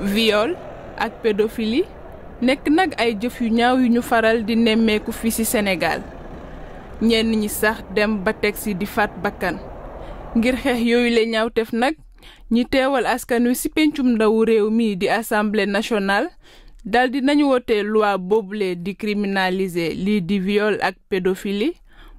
viol ak pédophilie nekk nag ay jëf yu ñaaw yu ñu faral di nemmeeku fii ci Sénégal ñenn ñi sax dem ba teg ci di faat bakkan ngir xeex yooyu la ñawteef nag ñi teewal askan wi ci pencum ndawu réew mii di asamble nationale daldi nañu woote loi boble di criminaliser lii di viol ak pédophilie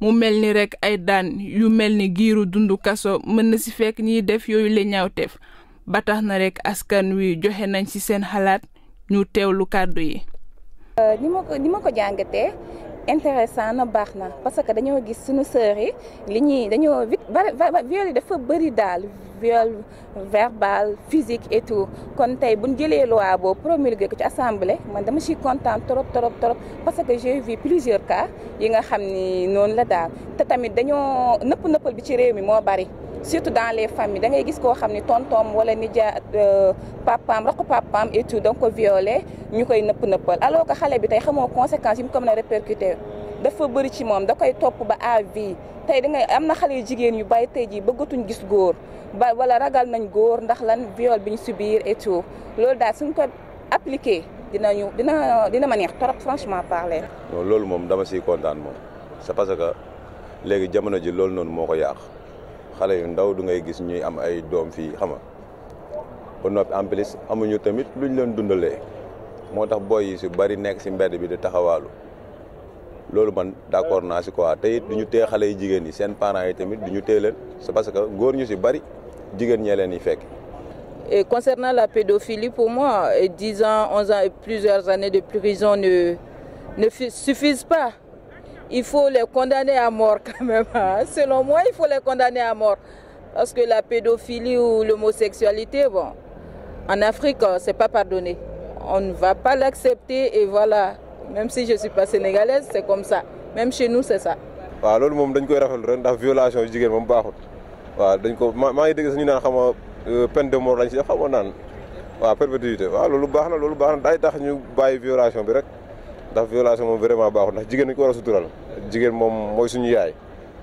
mu mel ni rekk ay daan yu mel ni giiru dundu kaso mën na ci fekk ñiy def yooyu la ñaawteef ba tax na rekk askan wi joxe nañ ci seen xalaat ñu teew lu kàddu yi. Euh, ni ma ko ni ma ko jàngatee intéressant na baax na parce que dañoo gis suñu sœurs yi li ñuy dañoo vite viol yi dafa bëri daal viol verbal physique et tout kon tey bu ñu jëlee loi boobu promulgué ko ci assemblée man dama ci content trop trop trop parce que j'ai vu plusieurs cas yi nga xam ni noonu la daal te tamit dañoo nëpp nëppal bi ci réew mi moo bari. surtout dans les familles da ngay gis koo xam ni tontoom wala nija euh, papaam raqu papaam et tout donc ko violé ñu koy nëpp nëppal alors que xale bi tey xamoo conséquence yi mu ko mën a répercuté dafa bëri ci moom da koy topp ba à vie tey da ngay am na xale yu jigéen yu bàyyi tey jii bëggatuñ gis góor ba wala ragal nañ góor ndax lan viol bi ñu subir et tout loolu daal suñ ko appliqué dinañu dina dina ma neex trop franchement parler. non loolu moom dama siy kontaan moom c'est parce léegi jamono ji loolu noonu moo ko yàq. xale yu ndaw du ngay gis ñuy am ay doom fii xama nga ba noppi en plus amuñu tamit lu ñu leen dundalee moo tax boy yu si bari nekk si mbedd bi di taxawaalu loolu man d'accord naa si quoi te it du ñu téye xale yu jigéen yi seen parent yi tamit du ñu téye leen c'est parce que góor ñu si bari jigéen ñee leen yi fekk. Et concernant la pédophilie, pour moi, 10 ans, 11 an et plusieurs années de prison ne, ne suffisent pas. il faut les condamner à mort quand même. Hein. Selon moi, il faut les condamner à mort. Parce que la pédophilie ou l'homosexualité, bon, en Afrique, euh, c'est pas pardonné. On ne va pas l'accepter et voilà. Même si je ne suis pas sénégalaise, c'est comme ça. Même chez nous, c'est ça. waaw loolu moom dañ koy rafetlu ren ndax violation yu jigéen moom baaxul waaw dañ ko maa maa ngi dégg sax ñu naan xam nga euh, peine de mort lañ ci def xam nga naan waaw perpétuité waaw loolu baax na loolu baax na day tax ñu bàyyi violation bi rek ndax violation moom vraiment baaxul ndax jigéen dañu ko war a sutural jigéen moom mooy suñu yaay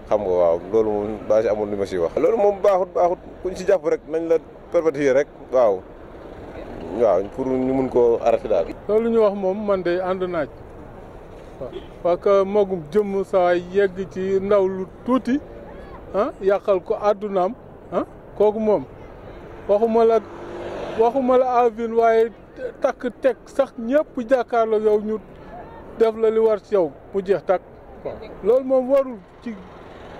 xam nga waaw loolu moom amoon li ma siy wax. loolu moom baaxut baaxut kuñ si jàpp rek nañ la pervertir rek waaw waaw pour ñu mun koo arrêté daal. loolu ñu wax moom man de ànd naaj waaw parce que magum jëmm saa yegg ci ndaw lu tuuti ah yàqal ko àddunaam ah, kooku moom waxuma la waxuma la avine waaye takk tek sax ñëpp jàkkaarloo yow ñu. def la li war ci yow mu jeex takk loolu moom warul ci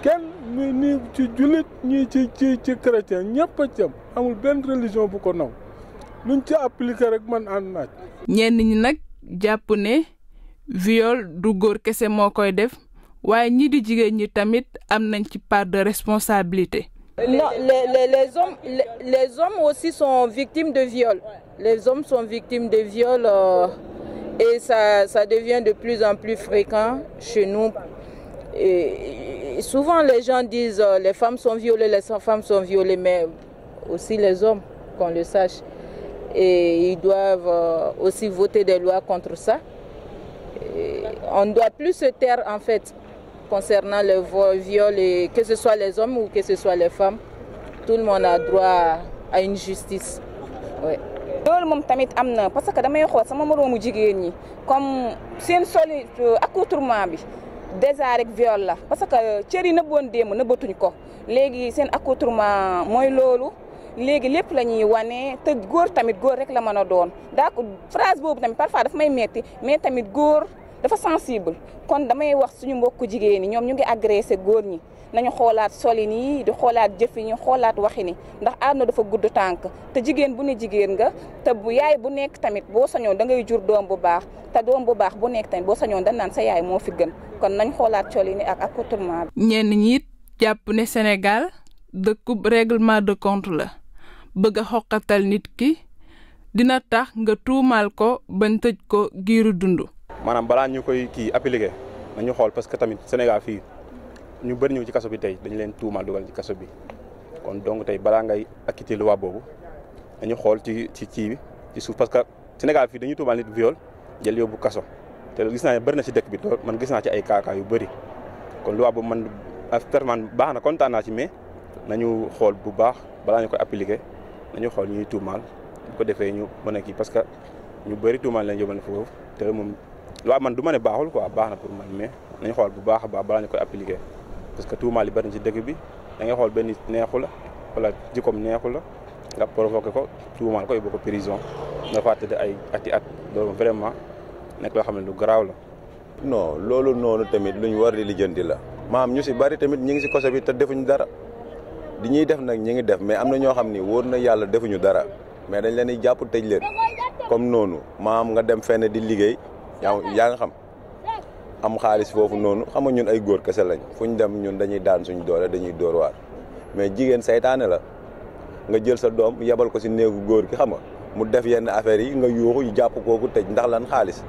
kenn muy nii ci jullit ñii ci ci ci chrétien ñëpp a ci am amul benn religion bu ko naw luñ ci appliqué rek man ànd naaj. ñenn ñi nag jàpp ne viole du góor kese moo koy def waaye ñii di jigéen ñi tamit am nañ ci part de responsabilité. les les les hommes les, les hommes aussi sont victimes de viol les hommes sont victimes de viol. Euh, Et ça, ça devient de plus en plus fréquent chez nous. Et souvent, les gens disent euh, les femmes sont violées, les femmes sont violées, mais aussi les hommes, qu'on le sache. Et ils doivent euh, aussi voter des lois contre ça. Et on ne doit plus se taire, en fait, concernant le viol, et que ce soit les hommes ou que ce soit les femmes. Tout le monde a droit à une justice. Ouais. loolu moom tamit am na parce que damay xool sama moroomu jigéen ñi comme seen soli euh, accoutrement bi déjà rek viol la parce que cër yi nëbboon démb nëbbatuñ ko léegi seen accoutrement mooy loolu léegi lépp la ñuy wane te góor tamit góor rek la mën a doon daa phrase boobu tamit parfois daf may metti mais tamit góor dafa sensible kon damay wax suñu mbokku jigéen ñi ñoom ñu ngi agressé góor ñi nañu xoolaat solin yi di xoolaat jëf yi ñu xoolaat waxi ni ndax àdduna dafa gudd tànk te jigéen bu ne jigéen nga te bu yaay bu nekk tamit boo sañoon da ngay jur doom bu baax te doom bu baax bu nekk tamit boo sañoon da naan sa yaay moo fi gën kon nañ xoolaat solin yi ak accoutrement bi. ñenn ñi it jàpp ne Sénégal dëkkub règlement de compte la bëgg a xoqatal nit ki dina tax nga tuumaal ko bañ tëj ko giiru dund. maanaam balaa ñu koy kii appliqué nañu xool parce que tamit Sénégal fii ñu bëri ñu ci kaso bi tey dañu leen tuumaal dugal ci kaso bi kon donc tey balaa ngay acquitter loi boobu dañu xool ci ci kii bi ci suuf parce que Sénégal fii dañuy tuumaal nit viol jël yóbbu kaso te loolu gis naa ne bëri na ci dëkk bi man gis naa ci ay kaakaa yu bari kon loi boobu man affairement baax na kontaan naa ci mais nañu xool bu baax balaa ñu koy appliqué nañu xool ñuy tuumaal bu ko defee ñu mën a ki parce que ñu bëri tuumaal lañ yóbbu foofu te moom waaw man du ma ne baaxul ko baax na pour man mais nañ xool bu baax a baax balaa ñu koy appliquer parce que tuumaal yi bari na ci dëkk bi da xool benn neexu la wala jikkoom neexu la nga provoqué ko tuumaal ko yóbbu ko prison nga faa tëdd ay ati at loolu vraiment nekk loo xam ne lu garaaw la. no loolu noonu tamit luñ war di lijjanti la maam ñu si bari tamit ñu ngi si kose bi te defuñu dara di ñuy def nag ñu ngi def mais am na ñoo xam ni wóor na yàlla defuñu dara mais dañ leen di jàpp leen comme noonu maam nga dem fenn di liggéey. yaa yaa nga xam am xaalis foofu noonu xam nga ñun ay góor kese lañ fu ñu dem ñun dañuy daan suñ doole dañuy dóor waar mais jigéen saytaane la nga jël sa doom yebal ko si néegu góor gi xam nga mu def yenn affaires yi nga yuuxu jàpp kooku tej ndax lan xaalis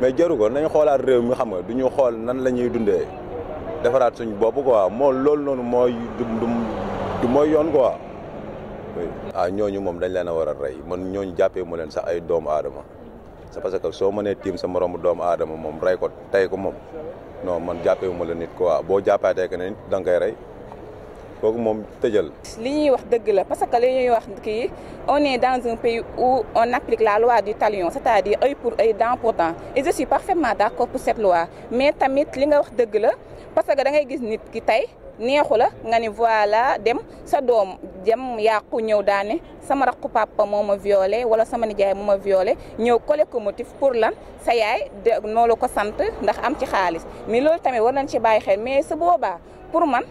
mais jaru ko nañ xoolaat réew mi xam nga du ñu xool nan la ñuy dundee defaraat suñ bopp quoi moo loolu noonu mooy du du mooy yoon quoi. ah ñooñu moom dañ leen a war a rey man ñooñu jàppee mu leen sax ay doomu aadama. c'est parce que soo mënee tiim sa moromu doomu aadama moom rey ko tey ko moom non man jàppewuma la nit quoi boo jàppaatee que ne nit da nga koy rey kooku moom tëjal. li ñuy wax dëgg la parce que li ñuy wax kii on est dans un pays où on applique la loi du talion c'est-à-dire œil pour œil dent pour dent et je suis parfaitement d'accord pour cette loi mais tamit li nga wax dëgg la. parce que da ngay gis nit ki tey neexu la nga ni voilà dem sa doom dem yàqu ñëw daane sama raqu papa moo a violé wala sama nijaay moo ma violé ñëw collé ko pour lan sa yaay de la ko sant ndax am ci xaalis mais loolu tamit war nañ ci bàyyi xel mais su boobaa pour man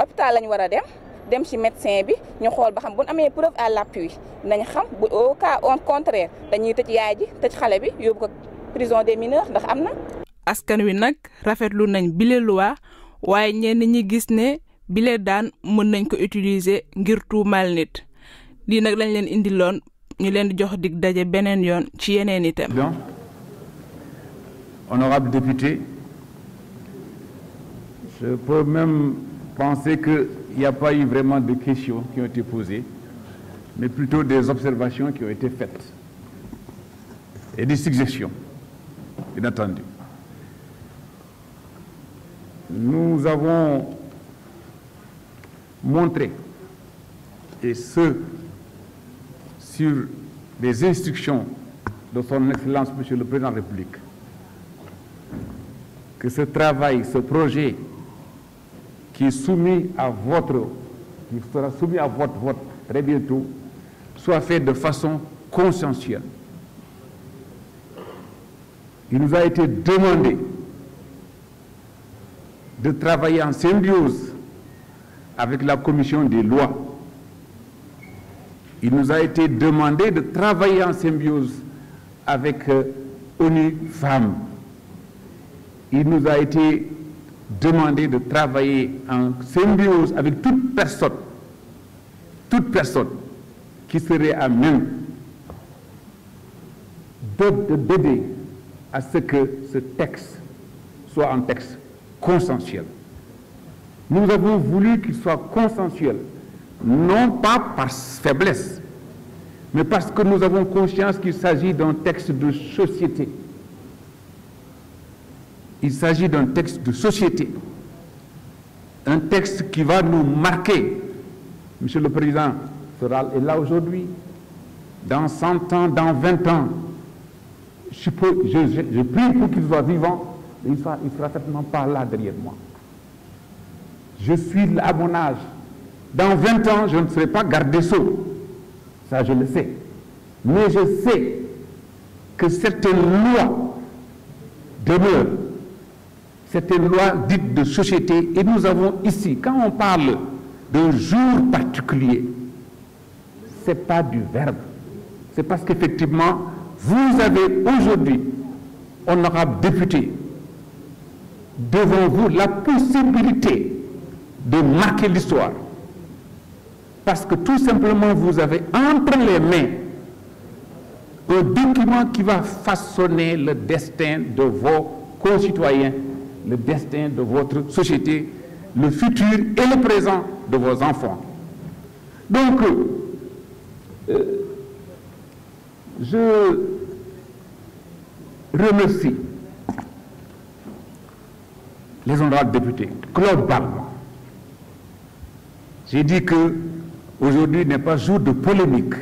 hôpital lañ war a dem dem ci médecin bi ñu xool ba xam bu ñu amee preuve à l'appui nañ xam bu au cas au contraire dañuy tëj yaay ji tëj xale bi yóbbu ko prison des mineurs ndax am na. askan wi nag rafetlu nañ bile loi waaye ñenn ñi gis ne bile daan mën nañ ko utiliser ngir tuumaal nit lii nag lañ leen indi loon ñu leen di jox digg daje beneen yoon ci yeneen itam. honorable député je peux même penser que il a pas eu vraiment de questions qui ont été posées mais plutôt des observations qui ont été faites et des suggestions bien entendu nous avons montré, et ce, sur les instructions de son Excellence, Monsieur le Président de la République, que ce travail, ce projet qui est soumis à votre, qui sera soumis à votre vote très bientôt, soit fait de façon consensuelle. Il nous a été demandé de travailler en symbiose avec la commission des lois. Il nous a été demandé de travailler en symbiose avec euh, ONU Femmes. Il nous a été demandé de travailler en symbiose avec toute personne, toute personne qui serait à même d'aider à ce que ce texte soit un texte consensuel. Nous avons voulu qu'il soit consensuel, non pas par faiblesse, mais parce que nous avons conscience qu'il s'agit d'un texte de société. Il s'agit d'un texte de société, un texte qui va nous marquer. Monsieur le Président Soral est là aujourd'hui, dans 100 ans, dans 20 ans. Je, peux, je, je, je prie pour qu'il soit vivant il ne sera, sera certainement pas là derrière moi. Je suis à mon âge. Dans 20 ans, je ne serai pas gardé sceau. Ça, je le sais. Mais je sais que certaines lois demeurent. Certaines lois dites de société. Et nous avons ici, quand on parle d'un jour particulier, ce n'est pas du verbe. C'est parce qu'effectivement, vous avez aujourd'hui, on aura député devant vous la possibilité de marquer l'histoire. Parce que tout simplement, vous avez entre les mains un document qui va façonner le destin de vos concitoyens, le destin de votre société, le futur et le présent de vos enfants. Donc, euh, je remercie les honorables députés, globalement. J'ai dit que aujourd'hui n'est pas jour de polémique.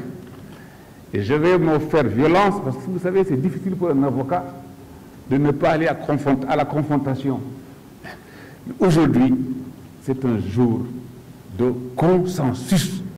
Et je vais me faire violence parce que vous savez, c'est difficile pour un avocat de ne pas aller à, confront à la confrontation. Aujourd'hui, c'est un jour de consensus.